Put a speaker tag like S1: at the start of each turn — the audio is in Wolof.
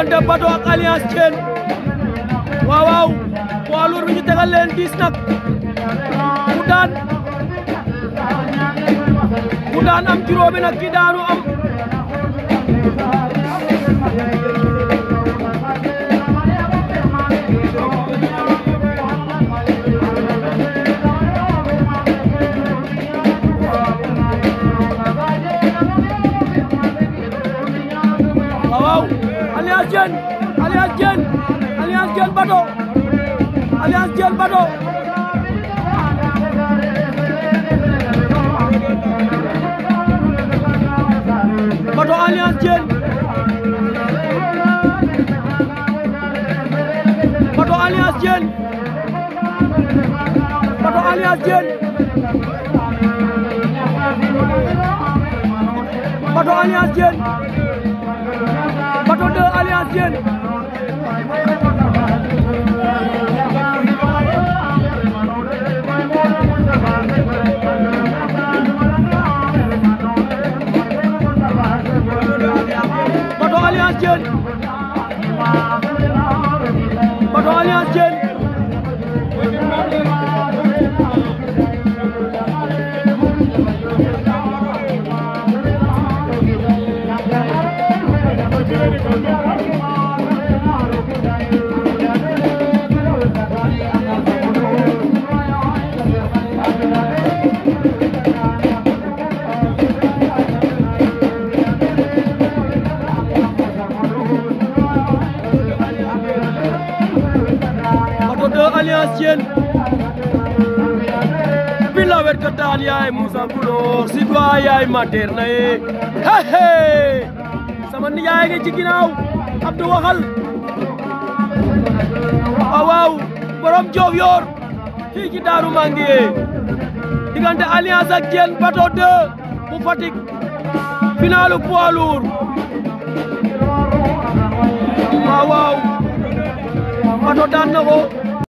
S1: diggante Bato a Alliance Thiene waaw waaw poids lourd leen diis nag ku daan ku daan am juróomi nag ki daanu am Alliance Diène Alliance Diène Alliance Diène Bato Alliance Diène Bato Bato Alliance Diène Bato Alliance Diène Bato Alliance Diène Bato Alliance Diène Diène Bato Alliance Diène Bato Alliance Diène Alliance Thiene bila werkatan yaay Moussa Gounor si doa yaay mater na ye Ndiaye nga ci ginnaaw Abdou waxal ah, waaw borom Joof Yoor fii ci Daaru Mandié diggante alliance ak Diène Bateau 2 bu Fatick finalu poids lourd ah, waaw ko